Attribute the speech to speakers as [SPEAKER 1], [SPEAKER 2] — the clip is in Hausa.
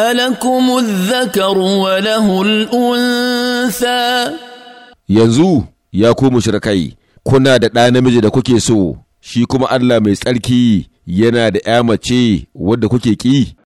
[SPEAKER 1] ألكم الذكر وله الأنثى
[SPEAKER 2] yanzu ya ku mushrikai kuna da ɗa namiji da kuke so shi kuma Allah mai tsarki yana da ’ya mace wadda kuke ƙi